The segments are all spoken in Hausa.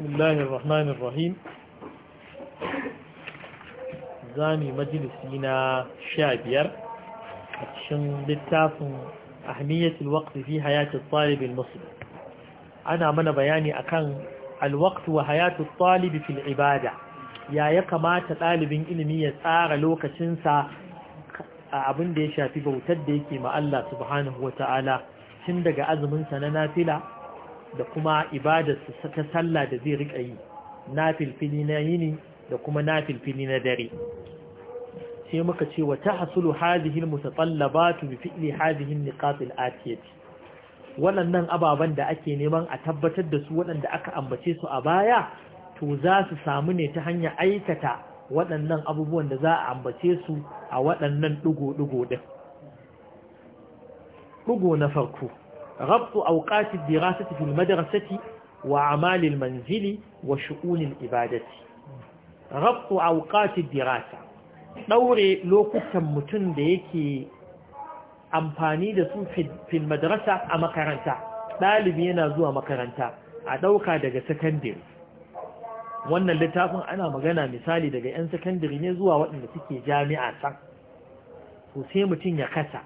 Bismillahirrahmanirrahim Za mu yi na sha biyar a cikin littafin Ahmiyatul Waqti fi Ana mana bayani akan alwaqti wa hayatul talibi fil ibada. Ya ya kamata ɗalibin ilimi ya tsara lokacinsa a abin da ya shafi bautar da yake ma Allah subhanahu wa ta'ala tun daga azumin sa na nafila da kuma ibadarsa ta sallah da zai riƙa yi na filfili na yini da kuma na filfili na dare sai muka ce wa ta hasulu ba mutatallabatu bi fi'li hadihin niqatil atiyati waɗannan ababen da ake neman a tabbatar da su waɗanda aka ambace su a baya to za su samu ne ta hanyar aikata waɗannan abubuwan da za a ambace su a waɗannan ɗugo ɗigo ɗin Ɗugo na farko ربط أوقات الدراسة في المدرسة وأعمال المنزل وشؤون الإبادة ربط أوقات الدراسة ɗaure lokutan mutum da yake amfani da su fil madarasa a makaranta ɗalibi yana zuwa makaranta a ɗauka daga sakandare wannan littafin ana magana misali daga 'yan sakandare ne zuwa waɗanda suke jami'a can to sai mutum ya kasa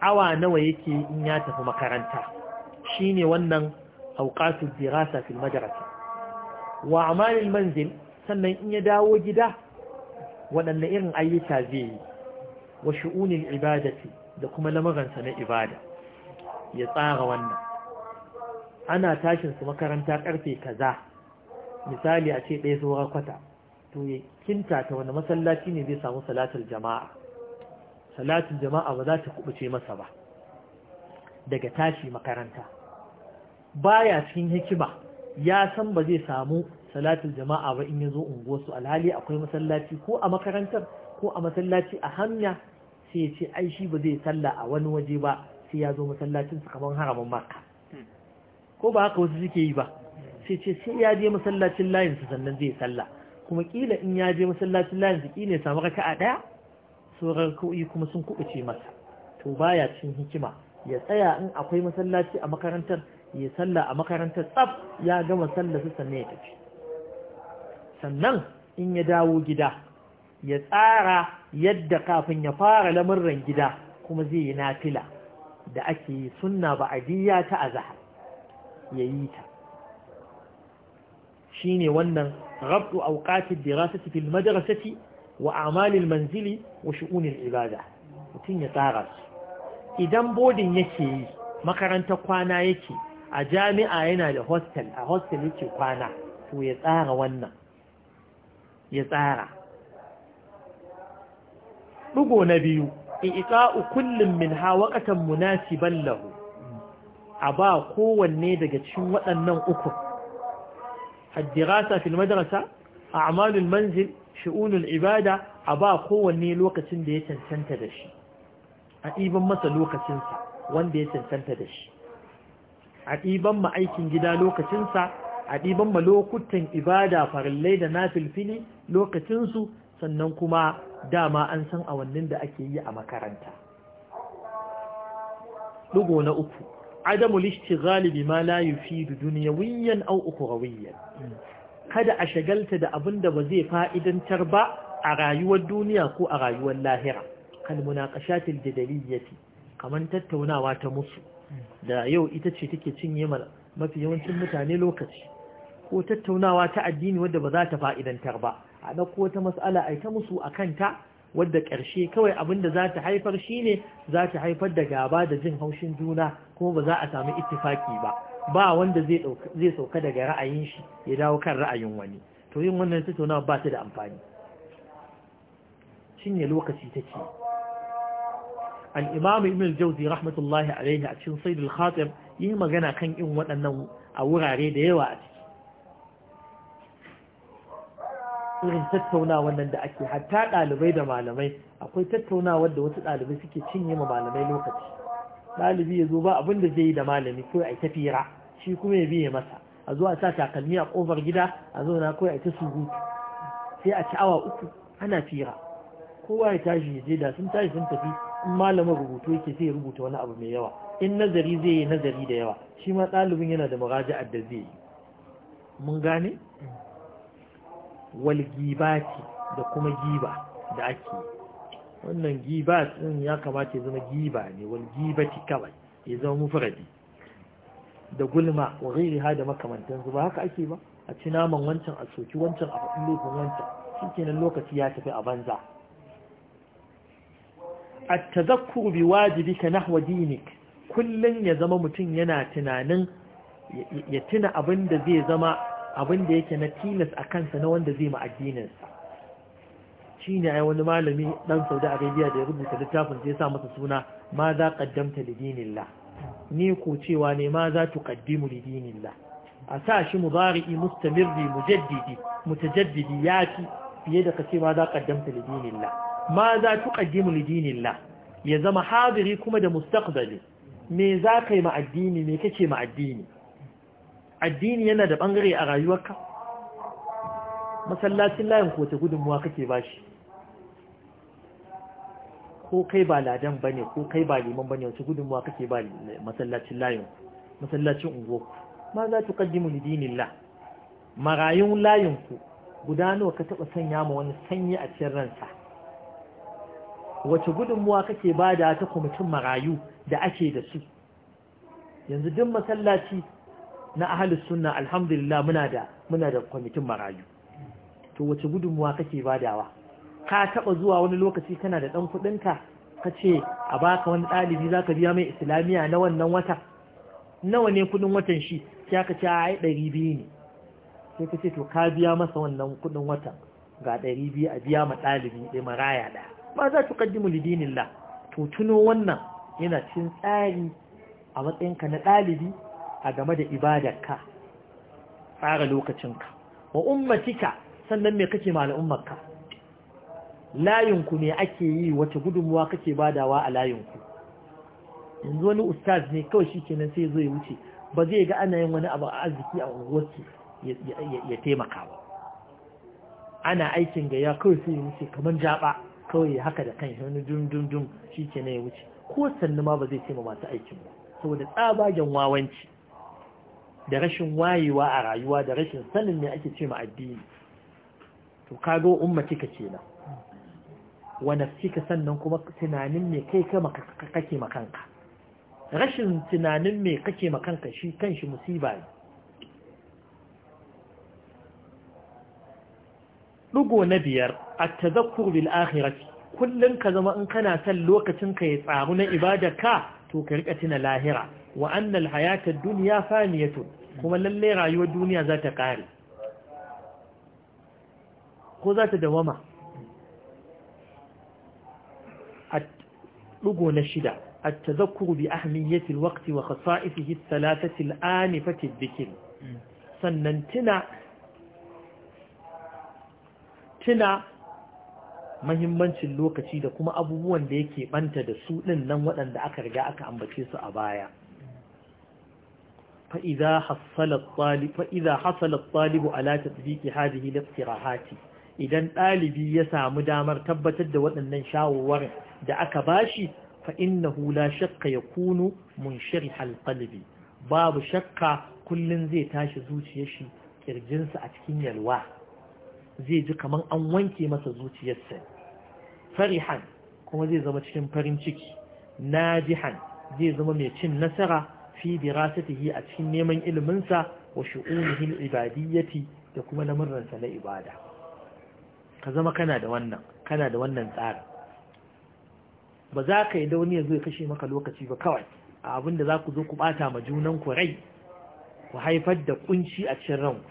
awa nawa yake in ya tafi makaranta shine wannan auqatul dirasa fil madrasa wa amalil manzil sannan in ya dawo gida waɗanne irin ayyuka zai yi wa shu'unil ibadati da kuma lamaransa na ibada ya tsara wannan ana tashin su makaranta karfe kaza misali a ce ɗaya saura kwata to ya kinta ta wani masallaci ne zai samu salatul jama'a salatin jama'a ba za ta kubuce masa ba daga tashi makaranta baya cikin hikima ya san ba zai samu salatin jama'a ba in ya zo unguwarsu alhali akwai masallaci ko a makarantar ko a masallaci a hanya sai ya ce ai shi ba zai salla a wani waje ba sai ya zo masallacin su kamar haramin makka ko ba haka wasu suke yi ba sai ce sai ya je masallacin layin su sannan zai salla kuma kila in ya je masallacin layin su kila ya samu raka'a daya sauran ko'i kuma sun kubuce masa to baya cin hikima ya tsaya in akwai masallaci a makarantar ya salla a makarantar tsaf ya gama sallar sannan ya tafi sannan in ya dawo gida ya tsara yadda kafin ya fara lamurran gida kuma zai yi nafila da ake yi sunna ba'adiyya ta azhar ya yi ta shine wannan rabtu awqati dirasati fil madrasati wa amalil manzili wa shu'unil ibada mutum ya tsara su idan bodin yake yi makarantar kwana yake a jami'a yana da hostel a hostel yake kwana to ya tsara wannan ya tsara ɗugo na biyu iƙa'u kullum min hawaƙatan munasiban lahu a ba kowanne daga cikin waɗannan uku haddirasa fil madrasa a amalul manzil shi'unul ibada a ba kowanne lokacin da ya cancanta da shi a ɗiban masa lokacinsa wanda ya cancanta da shi a ɗiban ma aikin gida lokacinsa a ɗiban ma lokutan ibada farillai da na filfini lokacinsu sannan kuma dama an san awannin da ake yi a makaranta ɗugo na uku adamu lishti galibi ma la yufidu duniyawiyan au uku kada a shagalta da abin da ba zai fa'idantar ba a rayuwar duniya ko a rayuwar lahira kal munaqashatil jadaliyyati Kamar tattaunawa ta musu da yau ita ce take cinye mafi yawancin mutane lokaci ko tattaunawa ta addini wadda ba za ta fa'idantar ba a ɗauko wata mas'ala aita ta musu a kanta wadda ƙarshe kawai abin da za ta haifar shine za ta haifar da gaba da jin haushin juna kuma ba za a sami ittifaki ba ba wanda zai sauka daga ra'ayin shi ya dawo kan ra'ayin wani to yin wannan tattaunawa ba ta da amfani cinye lokaci take al-imam ibn al Jawzi rahmatullahi alaihi a cikin Sayyid al khatib yi magana kan in waɗannan a wurare da yawa a ciki irin tattaunawa nan da ake hatta ɗalibai da malamai akwai tattaunawa da wasu ɗalibai suke cinye ma malamai lokaci ɗalibi ya zo ba abin da zai yi da malami ko a tafira shi kuma ya biye masa a zuwa sa takalmi a kofar gida a zauna kawai a ta surutu sai a ci awa uku ana fira kowa ya tashi ya je da sun tashi sun tafi in malamin rubutu yake sai ya rubuta wani abu mai yawa in nazari zai yi nazari da yawa shi ma ɗalibin yana da muraja'ar da zai yi mun gane wal gibati da kuma giba da ake wannan gibat din ya kamata ya zama giba ne wal gibati kawai ya zama mufradi da gulma wa ha da makamantan su ba haka ake ba a ci naman wancan a soki wancan a faɗin laifin wancan nan lokaci ya tafi a banza A tazakkuru bi wajibika nahwa dinik Kullum ya zama mutum yana tunanin ya tuna abin da zai zama abin da yake na tilas a kansa na wanda zai ma addininsa shi ne ai wani malami dan saudi arabia da ya rubuta littafin sai ya sa masa suna ma za ka kaddamta lidinillah ni ko cewa ne ma za tu kaddimu li dinilla a sa shi mudari'i mustamirri mujaddidi mutajaddidi yafi fiye da kace ma za kaddamta li dinilla ma za tu kaddimu li dinilla ya zama hadiri kuma da mustaqbali me za kai ma addini me kake ma addini addini yana da bangare a rayuwarka masallacin layin ko ta gudunmuwa kake bashi ko kai ba ladan bane ko kai ba liman bane wace gudunmuwa kake ba masallacin layin masallacin ma za ku kaddimu li la marayun layin ku guda nawa ka taba sanya ma wani sanyi a cikin ransa wace gudunmuwa kake ba da ta kwamitin marayu da ake da su yanzu duk masallaci na ahalus sunna alhamdulillah muna da muna da kwamitin marayu to wace gudunmuwa kake badawa ka taɓa zuwa wani lokaci kana da ɗan kuɗinka ka ce a baka wani ɗalibi zaka biya mai islamiyya na wannan wata nawa ne kuɗin watan shi sai ka ce a ɗari biyu ne sai ka ce to ka biya masa wannan kuɗin watan ga ɗari a biya ma ɗalibi dai maraya ɗaya ba za tu kaddimu lidinillah to tuno wannan yana cin tsari a matsayin ka na ɗalibi a game da ibadarka tsara lokacinka wa ummatika sannan me kake ma ka? layinku ne ake yi wata gudunmuwa kake badawa a layinku yanzu wani ustaz ne kawai shi kenan sai zai wuce ba zai ga ana yin wani abu a arziki a unguwarki ya taimaka ba ana aikin ga kawai sai ya wuce kamar jaba kawai haka da kan hannu dundundun shi kenan ya wuce ko sannu ma ba zai taimaka masu aikin ba saboda tsabagen wawanci da rashin wayewa a rayuwa da rashin sanin ne ake ce ma addini to kago umma kika kenan wa nafsika sannan kuma tunanin me kai kake makanka rashin tunanin me kake makanka shi kanshi musiba ne ɗugo na biyar a tadhakkur bil akhirati kullum ka zama in kana san lokacin ka ya tsaru na ka, to ka rika tuna lahira wa anna al-hayata ad-dunya kuma lallai rayuwar duniya za ta kare ko za ta dawama ɗugo na shida التذكر بأهمية الوقت وخصائصه الثلاثة الآنفة الذكر sannan tuna mahimmancin lokaci da kuma abubuwan da yake banta da su ɗin nan waɗanda aka riga aka ambace su a baya fa'iza hasalar tsalibu ala tafiye ki hadihi laftirahati idan ɗalibi ya samu damar tabbatar da waɗannan shawarwarin da aka bashi fa inna hula shakka mun munshirihal qalbi babu shakka kullum zai tashi zuciyar shi kirjinsa a cikin yalwa zai ji kaman an wanke masa zuciyarsa farihan kuma zai zama cikin farin ciki najihan zai zama mai cin nasara fi dirasatihi a cikin neman iliminsa wa shu'unihi ibadiyyati da kuma lamuransa na ibada ka zama kana da wannan kana da wannan tsari ba za ka yi da wani ya ya kashe maka lokaci ba kawai a abin da za ku zo ku bata ma junan ku rai ku haifar da kunci a cikin ranku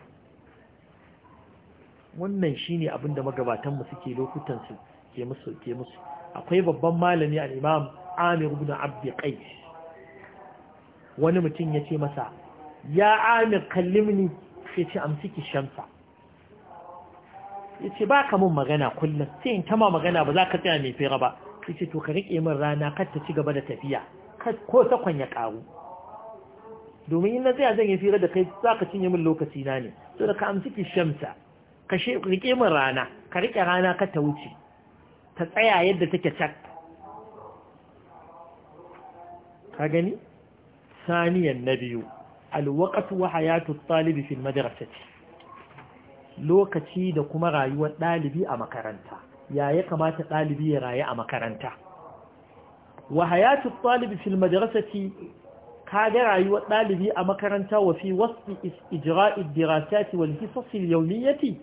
wannan shine abin da magabatanmu suke lokutan su ke musu ke musu akwai babban malami a imam Amir ibn Abd Qais wani mutum ya ce masa ya Amir kallimni sai ce amsiki shamsa ya ce ba ka mun magana kullum sai in tama magana ba za ka tsaya mai fira ba ya ce to ka riƙe min rana kar ta ci gaba da tafiya ko sakon ya ƙaru domin in na tsaya zan yi fira da kai za ka cinye min lokaci na ne so da ka amsi ki shamsa ka riƙe min rana ka riƙe rana kar ta wuce ta tsaya yadda take cak ka gani saniyan na biyu alwaqatu wa hayatu talibi fil madrasati lokaci da kuma rayuwar ɗalibi a makaranta ya ya kamata ɗalibi ya rayu a makaranta wa hayatu ɗalibi fil madrasati kaga rayuwar ɗalibi a makaranta wa fi wasu ijra'id dirasati wal hisasil yawmiyati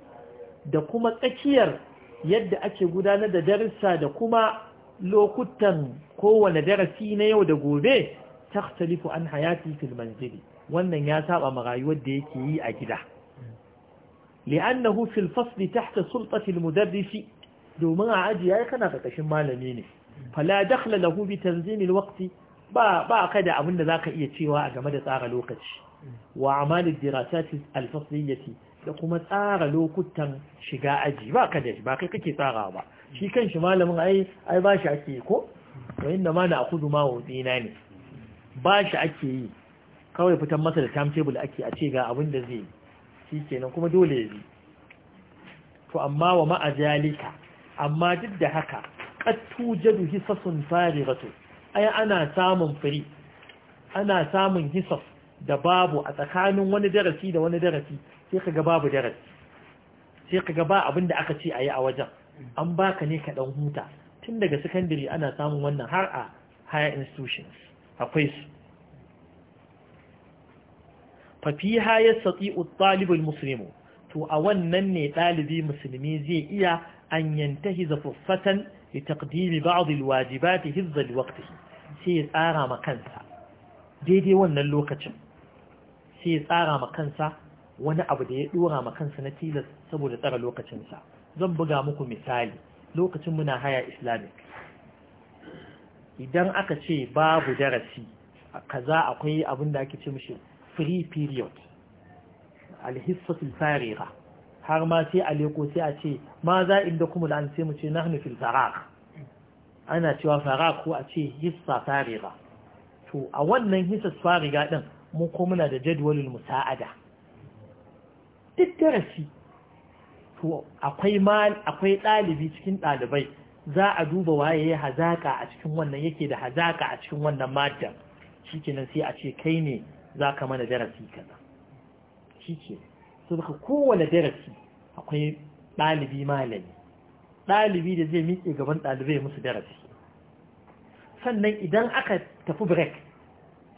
da kuma tsakiyar yadda ake gudanar da darussa da kuma lokutan kowane darasi na yau da gobe takhtalifu an hayati fil manzili wannan ya saba ma rayuwar da yake yi a gida لأنه في الفصل تحت سلطة domin a ajiye يا kana قشن مالمي ne فلا دخل له في تنظيم الوقت با با كدا abin da zaka iya cewa a game da tsara lokaci wa amal al-dirasat al-fasliyah da kuma tsara lokutan shiga aji ba kada ba kai kake tsara ba shi kanshi malamin ai ai ba shi ake ko wai inda ma na ma wuzi na ne ba shi ake yi kawai fitan masa da timetable ake a ce ga abinda zai yi shi kenan kuma dole ya bi to amma wa ma'ajalika amma duk da haka kattu jadu hisasun farigatu ai ana samun firi ana samun hisas da babu a tsakanin wani darasi da wani darasi sai kaga babu darasi sai kaga ba abin da aka ce a yi a wajen an baka ne kaɗan huta tun daga secondary ana samun wannan har a higher institutions akwai su fafiha ya sati ɗalibul musulmi to a wannan ne ɗalibi musulmi zai iya an yantahi zafuffatan da taƙdimi ba'adul wajibati hizzal waqti sai ya tsara kansa daidai wannan lokacin sai ya tsara kansa wani abu da ya ɗora ma kansa na tilas saboda tsara lokacinsa zan buga muku misali lokacin muna haya islamic idan aka ce babu darasi kaza akwai abin da ake ce mishi free period alhissatul farira har ma sai a leko sai a ce ma za inda kuma da an sai mu ce nahnu fil farar ana cewa fara ko a ce hissa fariga to a wannan hissa fariga din mu ko muna da jadwalul musa'ada duk darasi to akwai mal akwai dalibi cikin dalibai za a duba waye ya hazaka a cikin wannan yake da hazaka a cikin wannan madda shikenan sai a ce kai ne za ka mana darasi kaza shi ce, su ka kowane darasi akwai ɗalibi malami ɗalibi da zai miƙe gaban ɗalibai musu darasi sannan idan aka tafi break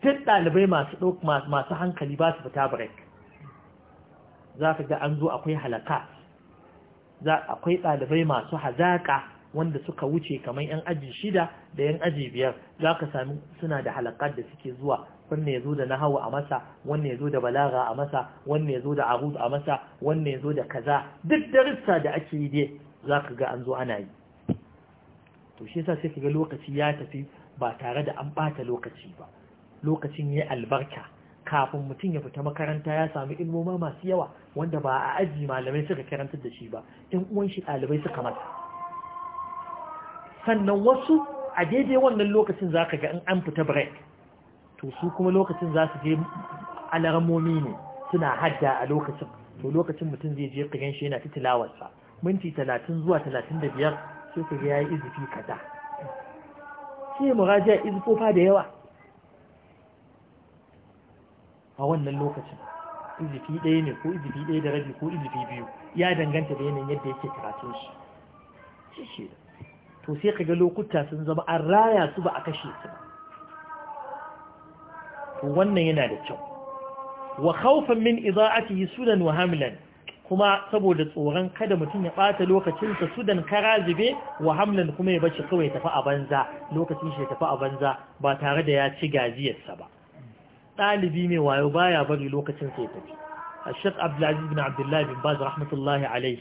duk ɗalibai masu hankali ba su fita break za ka ga an zo akwai halaka akwai ɗalibai masu hazaƙa wanda suka wuce kamar 'yan aji shida da 'yan aji biyar za ka sami suna da halakar da suke zuwa wanne ya zo da nahawu a masa wanne ya zo da balaga a masa wanne ya zo da arus a masa wanne ya zo da kaza duk darussa da ake yi dai za ka ga an zo ana yi to shi yasa sai ka ga lokaci ya tafi ba tare da an ɓata lokaci ba lokacin ya albarka kafin mutum ya fita makaranta ya sami ilmoma masu yawa wanda ba a aji malamai suka karantar da shi ba in uwan shi ɗalibai suka masa sannan wasu a daidai wannan lokacin za ka ga in an fita break to su kuma lokacin za su je alarmomi ne suna hadda a lokacin to lokacin mutum zai je ka shi yana ta minti talatin zuwa talatin da biyar sai ka ga yayi izifi kaza sai murajiya izifofa da yawa a wannan lokacin izifi ɗaya ne ko izifi ɗaya da rabi ko izifi biyu ya danganta da yanayin yadda yake karatun shi shi shi to sai ka ga lokuta sun zama an raya su ba a kashe su ba wannan yana da kyau wa khawfan min idaatihi sudan wa hamlan kuma saboda tsoron kada mutum ya bata lokacin sa sudan karazibe wa hamlan kuma ya bace kawai tafi a banza lokacin shi ya tafi a banza ba tare da ya ci gajiyar sa ba dalibi mai wayo baya bari lokacin sa ya tafi Sheikh Abdulaziz bin Abdullah bin Baz rahmatullahi alayhi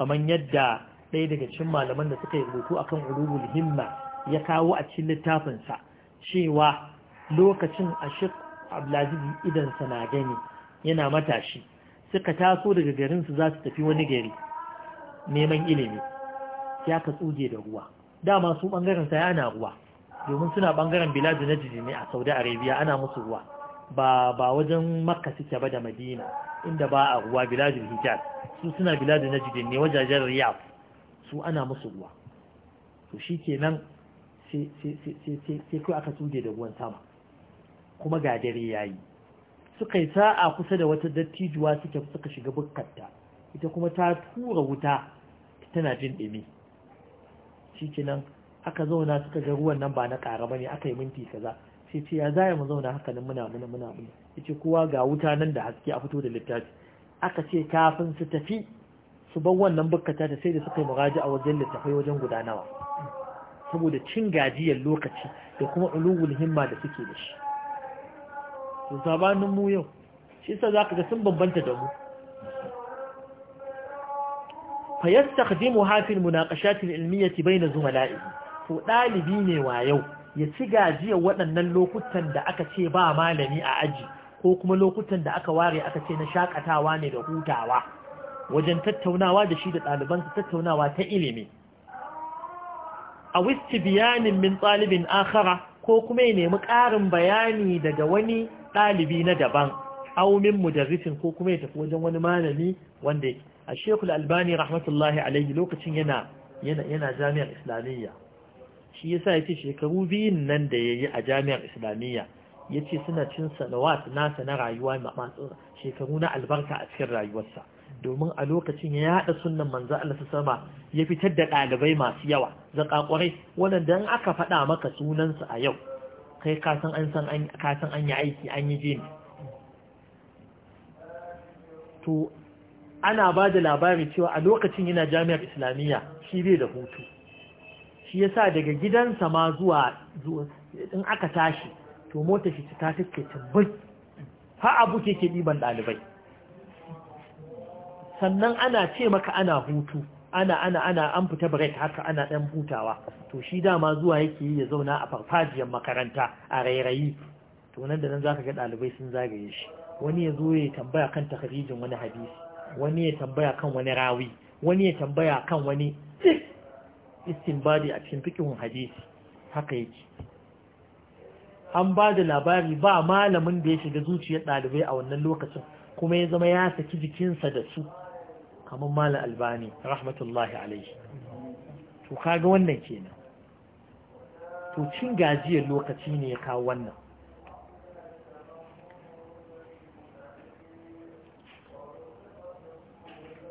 kaman yadda ɗaya daga cikin malaman da suka yi rubutu akan ulumul himma ya kawo a cikin littafin sa cewa lokacin ashik abdulaziz idansa na gani yana matashi suka taso daga garinsu za su tafi wani gari neman ilimi ya ka tsuge da ruwa dama su ɓangaren sai ana ruwa domin suna ɓangaren biladu na jijini a saudi arabia ana musu ruwa ba ba wajen makka suke ba da madina inda ba a ruwa biladu hijaz su suna biladu na ne wajajen riyaf su ana musu ruwa to shi kenan sai kai aka tsuge da ruwan sama kuma ga dare yayi suka yi sa'a kusa da wata dattijuwa suke suka shiga bukkarta ita kuma ta tura wuta tana jin ɗumi shikenan aka zauna suka ga ruwan nan ba na ƙara bane aka yi minti kaza sai ce ya zaya mu zauna haka nan muna muna muna muna yace kowa ga wuta nan da haske a fito da littafi aka ce kafin su tafi su bar wannan bukkata da sai da suka yi muraji a wajen littafai wajen gudanawa. saboda cin gajiyar lokaci da kuma ulugul himma da suke da shi to mu yau shi sa za ka ga sun bambanta da mu fa yastakhdimu hafil munaqashatil ilmiyyati bayna zumala'i to dalibi ne wa yau ya ci gajiyar waɗannan lokutan da aka ce ba malami a aji ko kuma lokutan da aka ware aka ce na shakatawa ne da hutawa wajen tattaunawa da shi da ɗalibansa tattaunawa ta ilimi a wisti biyanin min ɗalibin A'khara ko kuma ya nemi ƙarin bayani daga wani ɗalibi na daban min mudarrisin ko kuma ya tafi wajen wani malami wanda a shekul albani rahmatullahi alaihi lokacin yana yana jami'ar islamiyya shi yasa ya ce shekaru biyun nan da yayi a jami'ar islamiyya yace suna cin salawat nasa na rayuwa masu shekaru na albarka a cikin rayuwarsa domin a lokacin ya yada sunnan manzo Allah su sama ya fitar da ɗalibai masu yawa zakakurai waɗanda aka faɗa maka sunansa a yau kai kasan an san kasan an yi aiki an yi jini to ana ba da labari cewa a lokacin yana jami'ar islamiyya shi bai da hutu shi yasa daga gidansa ma zuwa in aka tashi to mota shi ta take tabbai fa abu ke ke ɗiban ɗalibai sannan ana ce maka ana hutu ana ana ana an fita break haka ana ɗan hutawa to shi dama zuwa yake yi ya zauna a farfajiyar makaranta a rairayi to nan da nan zaka ga ɗalibai sun zagaye shi wani ya zo ya tambaya kan takarijin wani hadisi wani ya tambaya kan wani rawi wani ya tambaya kan wani istinbadi a cikin fikihun hadisi haka yake an ba da labari ba malamin da ya shiga zuciyar ɗalibai a wannan lokacin kuma ya zama ya saki jikinsa da su kamar malam albani rahmatullahi alaihi to kaga wannan kenan to cin gajiyar lokaci ne ya kawo wannan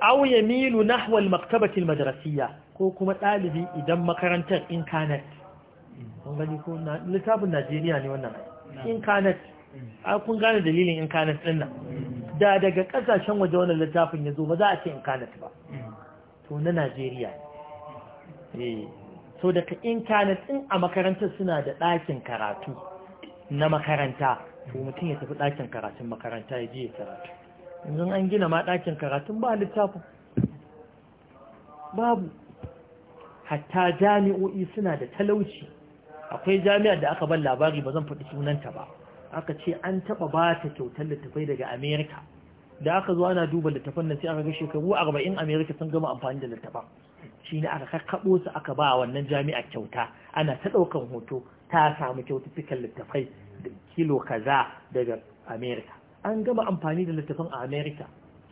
aw yamilu nahwa al-maktabati ko kuma dalibi idan makarantar in kanat kun gani ko littafin Najeriya ne wannan in kanat a kun gane dalilin in kanat din nan da daga kasashen waje wannan littafin ya zo ba za a ce in ba to na Najeriya ne eh, so daga in din a makarantar suna da ɗakin karatu na makaranta to mutum ya tafi ɗakin karatun makaranta ya je ya karatu yanzu an gina ma ɗakin karatun ba littafin babu hatta jami'o'i suna da talauci akwai jami'ar da aka ban labari ba zan faɗi sunanta ba aka ce an taɓa ba ta kyautar littafai daga amerika da aka zo ana duba littafan nan sai aka ga shekaru arba'in amerika sun gama amfani da littafan shi ne aka kakkaɓo su aka ba wannan jami'a kyauta ana ta ɗaukan hoto ta samu kyaututtukan littafai kilo kaza daga amerika an gama amfani da littafan a amerika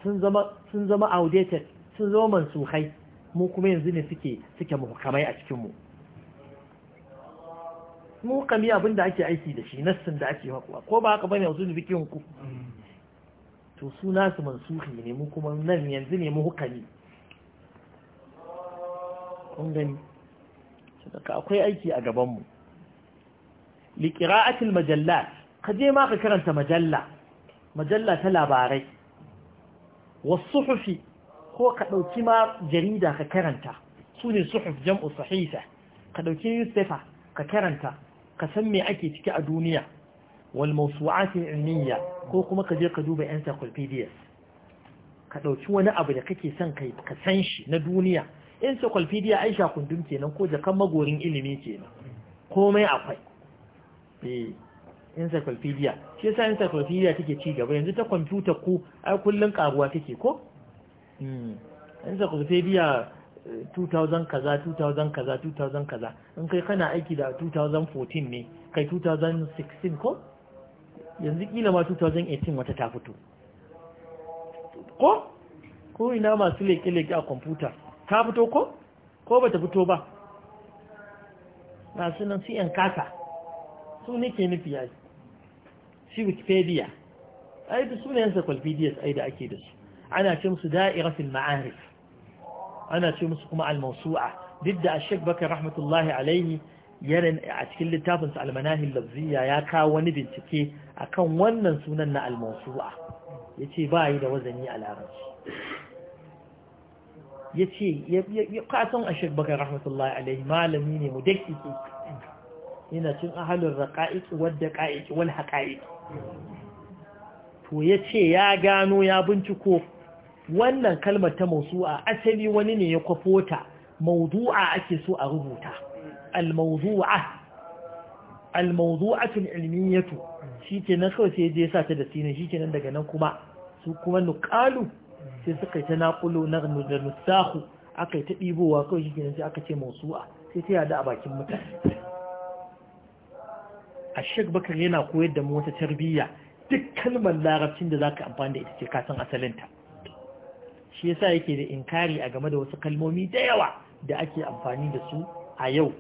sun zama outdated sun zama mansuhai mu kuma yanzu ne suke suke muhukamai a cikinmu muhukami abin da ake aiki da shi nassin da ake hakuwa ko ba haka bane yanzu da bikin ku to su nasu mansuhi ne mu kuma nan yanzu ne mu hukami kun gani saka akwai aiki a gabanmu liƙira'atul majalla ka je ma ka karanta majalla majalla ta labarai wasu suhufi ko ka ɗauki ma jarida ka karanta su ne suhuf jam'u sahisa ka ɗauki newspaper ka karanta ka san me ake ciki a duniya والموسوعات العلمية ko kuma ka je ka duba encyclopedias ka ɗauki wani abu da kake son kai ka san shi na duniya encyclopedia aisha kundum kenan ko jakan magorin ilimi kenan komai akwai eh encyclopedia shi yasa encyclopedia take ci gaba yanzu ta computer ko ai kullun karuwa take ko mm encyclopedia 2000 eh, kaza 2000 kaza 2000 kaza in kai kana aiki da 2014 ne kai 2016 ko yanzu kila ma 2018 wata ta fito ko ko ina masu leke-leke a kwamfuta ta fito ko ko bata fito ba na nan siyan kasa su ne ke nufi yayi shi wikipedia ai da sunayen encyclopedias ai da ake da su ana ce musu da'iratul ma'arif ana ce musu kuma almasu'a duk da ashek bakar rahmatullahi alaihi yana a cikin littafinsu Almanahin lafziya ya kawo wani bincike akan wannan sunan na almasu'a ya ce ba yi da wazani a larabci ya ce ya kasan a shirbakan rahmatullahi alaihi malami ne mu daki ke yana cin ahalin raƙa'iki wadda ƙa'iki wal haƙa'iki to ya ce ya gano ya binciko wannan kalmar ta mausu'a asali wani ne ya kwafo ta maudu'a ake so a rubuta الموضوعة الموضوعة العلمية شيكي نخو سيدي ساتة دسينة شيكي نندق ننكما سوكما نقالو سيسقي تناقلو نغم نساخو أكي تقيبو واكو شيكي نسي أكي تي تموسوعة سيتي هذا أبا كم كمتا الشيك بكر ينا قوية دمو تتربية duk kalmar larabcin da za ka amfani da ita ce kasan asalinta shi yasa yake da inkari a game da wasu kalmomi da yawa da ake amfani da su a yau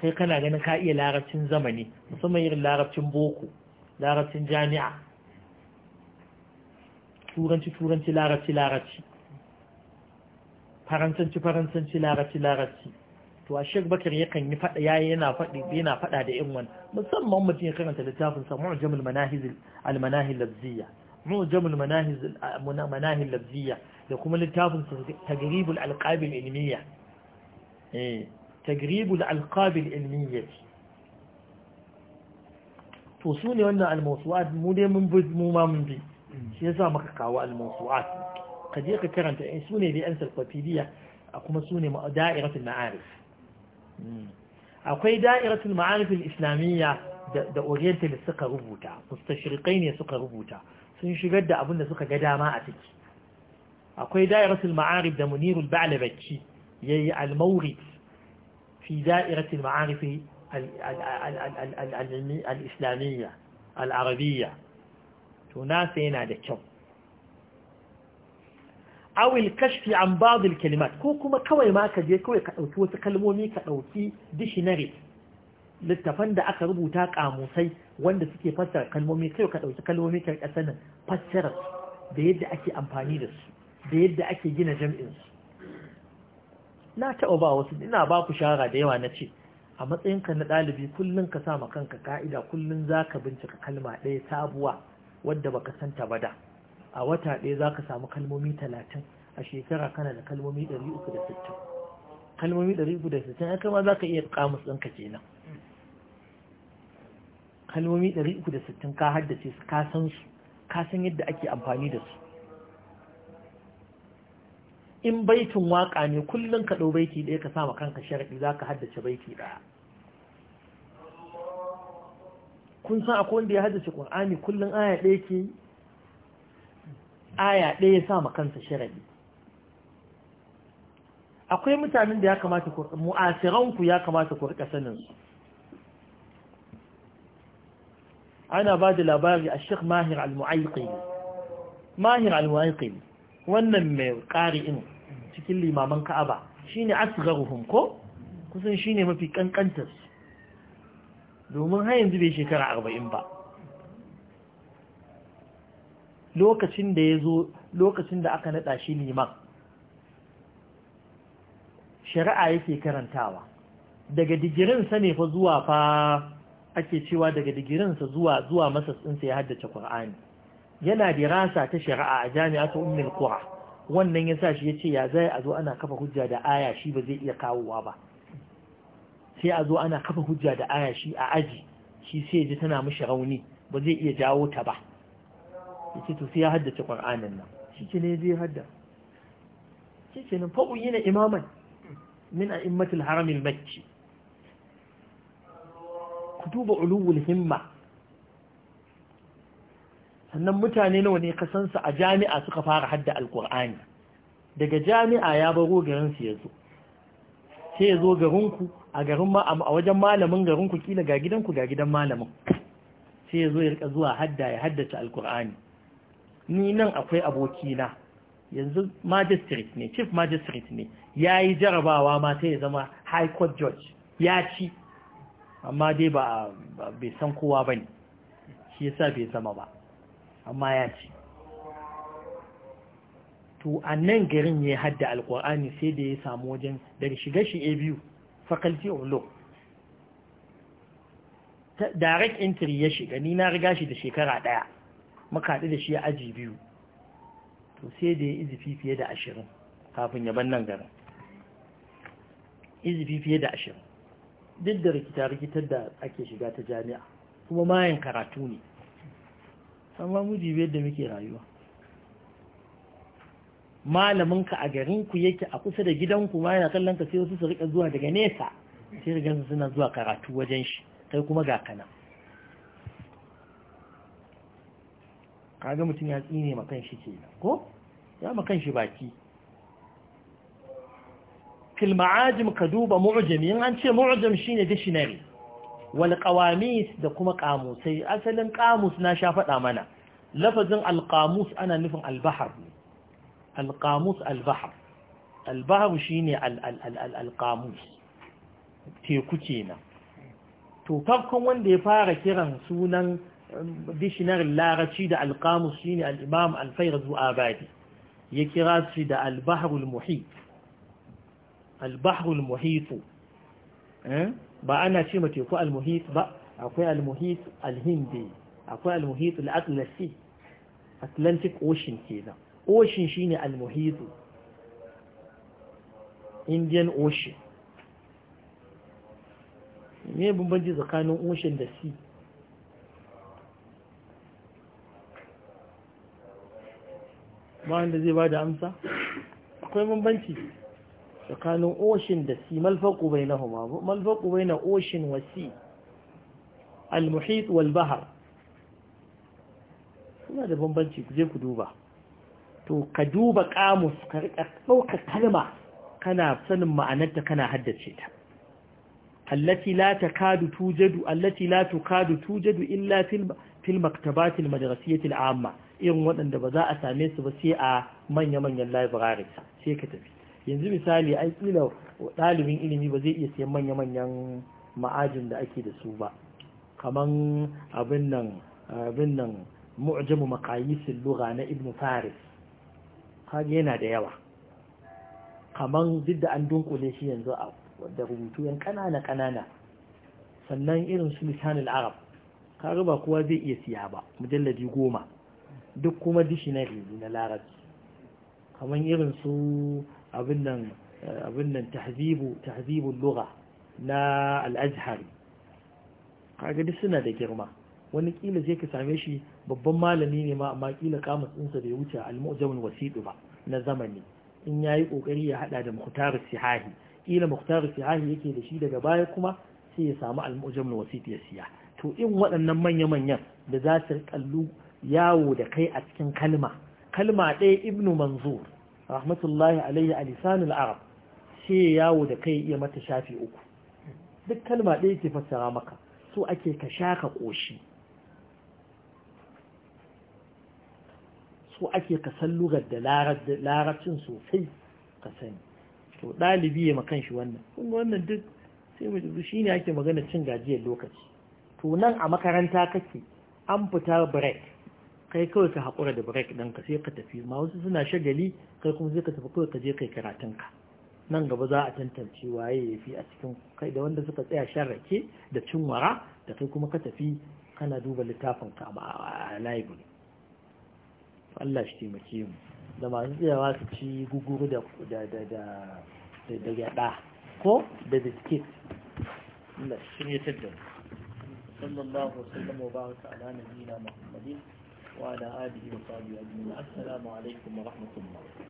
kai kana ganin ka iya larabcin zamani musamman irin larabcin boko larabcin jami'a turanci turanci larabci larabci faransanci faransanci larabci larabci to a shek bakar yakan yi fada yayi yana fadi yana fada da irin wannan musamman mutum ya karanta littafin sa mu'jamul manahiz al manahil labziyya mu'jamul manahiz manahil labziyya da kuma littafin sa tagribul alqabil ilmiyya eh تجريب الألقاب العلمية توصوني أن الموسوعات مو دي من بد مو ما من بي شيزا مكاكاوة الموسوعات قد يقى كرنت سوني دي أنسى القتيلية أقوم سوني دائرة المعارف أقوي دائرة المعارف الإسلامية da orientalist suka rubuta mustashrikai ne suka rubuta sun shigar da abin da suka ga dama a ciki akwai dairatul ma'arif da munirul ba'labaki yayi al-mawrid في دائرة المعارف الإسلامية العربية تناسينا دكو أو الكشف عن بعض الكلمات كوكما كوي ka ɗauki wasu kalmomi ka ɗauki ديشنري Littattafan da aka rubuta kamusai wanda suke fassara kalmomi kai ka dauki kalmomi ka sanin fassarar da yadda ake amfani da su da yadda ake gina jami'in su na taɓa ba wasu ina ba ku shara da yawa na ce a matsayinka na ɗalibi kullum ka sa kanka ka'ida kullum za ka bincika kalma ɗaya sabuwa wadda baka santa ba da a wata ɗaya za ka samu kalmomi talatin a shekara kana da kalmomi ɗari uku da sittin kalmomi ɗari uku da sittin ya kama za ka iya kamus ɗinka kenan kalmomi ɗari uku da sittin ka haddace su ka san su ka san yadda ake amfani da su in baitin waka ne kullum ka ɗau baiti ɗaya ka sama kanka sharaɗi za ka haddace baiti ɗaya kun san akwai wanda ya haddace ƙur'ani kullum aya ɗaya ke aya ɗaya sama kansa sharaɗi akwai mutanen da ya kamata ku mu'asiranku ya kamata ku rika sanin su ana ba da labari a shek mahir al-mu'aiqi mahir al-mu'aiqi wannan mai ƙari'in cikin limaman ka'aba ne asgharuhum ko kusan shi ne mafi ƙanƙantar domin har yanzu bai shekara arba'in ba lokacin da zo lokacin da aka naɗa shi liman shari'a yake karantawa daga digirinsa ne fa zuwa fa ake cewa daga digirinsa zuwa zuwa masas ɗinsa ya haddace Kur'ani? yana dirasa ta shari'a a jami'a ta ummul qura wannan yasa shi yace ya zai a zo ana kafa hujja da aya shi ba zai iya kawowa ba sai a zo ana kafa hujja da aya shi a aji shi sai ji tana mishi rauni ba zai iya jawo ta ba yace to sai ya haddace qur'anin nan shi ke ne zai hadda shi ke nan fa'u yana imaman min a'immatul haramil makki ku duba ulul himma sannan mutane nawa ne ka san a jami'a suka fara hadda alkur'ani daga jami'a ya baro garin su yazo sai ya zo garinku a garin ma a wajen malamin garinku kila ga gidanku ga gidan malamin sai ya zo ya rika zuwa hadda ya haddace alkur'ani ni nan akwai abokina yanzu magistrate ne chief magistrate ne ya yi jarabawa ma sai ya zama high court judge ya ci amma dai ba bai san kowa bane shi yasa bai zama ba amma ya ce to a nan garin ya hadda alkur'ani sai da ya samu wajen daga shiga shi a biyu faculty of law direct entry ya shiga ni na riga shi da shekara ɗaya makaɗi da shi ya aji biyu to sai da ya izifi fiye da ashirin kafin ya nan garin izifi fiye da ashirin duk da rikita-rikitar da ake shiga ta jami'a kuma mayan karatu ne amma mu jibe yadda muke rayuwa malamin ka a garinku yake a kusa da gidanku ma yana kallon ka sai wasu su rika zuwa daga nesa sai riga su suna zuwa karatu wajen shi kai kuma ga kana kaga mutum ya tsine makan shi ke ko ya makan shi baki fil ma'ajim ka duba mu'jam in an ce mu'jam shine dictionary walƙawamis da kuma ƙamusai asalin qamus na sha faɗa mana lafazin al qamus ana nufin al ne, al qamus al bahr al bahr shine al al teku kenan to farkon wanda ya fara kiran sunan um, dictionary larabci da al qamus shine al imam al abadi ya kira shi da al bahr muhit eh ba ana ce teku al-muhit ba akwai al-muhit al-hindi akwai al-muhit al-atlasi atlantic ocean kenan ocean shine al-muhit indian ocean me bambanci tsakanin ocean da sea ba wanda zai ba da amsa akwai bambanci tsakanin oshin da si malfaku bai na huma malfaku bai na oshin al wal bahar suna da bambanci ku je ku duba to ka duba kamus ka rika ɗauka kalma kana sanin ma'anarta kana haddace ta allati la takadu tujadu allati la tujadu illa fil fil maktabatil amma irin waɗanda ba za a same su ba sai a manya-manyan libraries sai ka tafi yanzu misali ai kila ɗalibin ilimi ba zai iya sayan manya-manyan ma'ajin da ake da su ba kaman abin nan abin nan mu'jamu maqayisil lugha na ibn faris kage yana da yawa kaman duk an dunkule shi yanzu a da rubutu yan kanana kanana sannan irin su lisanul arab kaga ba kowa zai iya siya ba mujalladi goma duk kuma dictionary na larabci kaman irin su abin nan eh, abin lura lugha na al kaga duk suna da girma wani kila sai ka same shi babban malami ne ma amma kila kamus ɗinsa bai wuce a mujamul wasidu ba na zamani in yayi ƙoƙari ya haɗa da muhtar sihahi kila muhtar sihahi yake da shi daga baya kuma sai ya samu al-mu'jamul ya siya to in waɗannan manya-manyan da za su kallu yawo da kai a cikin kalma kalma ɗaya ibnu manzur rahmatullahi alayhi a lisanul arab sai yawo da kai iya mata shafi uku duk kalma ɗaya ke fassara maka so ake ka sha ka ƙoshi so ake ka san lugar da larabcin sosai ka sani to ɗalibi ya makan shi wannan kuma wannan duk sai mai mu shi ne ake magana cin gajiyar lokaci to nan a makaranta kake an fitar break kai kawai ka haƙura da break ɗinka sai ka tafi ma wasu suna shagali kai kuma sai ka tafi kawai ka je kai ka nan gaba za a tantance waye ya fi a cikin kai da wanda suka tsaya shan rake da cinwara da kai kuma ka tafi kana duba littafin littafinka a library Allah shi taimake mu da masu tsayawa su ci guguru da da da da gyada ko da biskit Allah shi ne tattalin sallallahu alaihi wa sallam wa baraka ala nabiyina muhammadin وعلى آله وصحبه أجمعين السلام عليكم ورحمة الله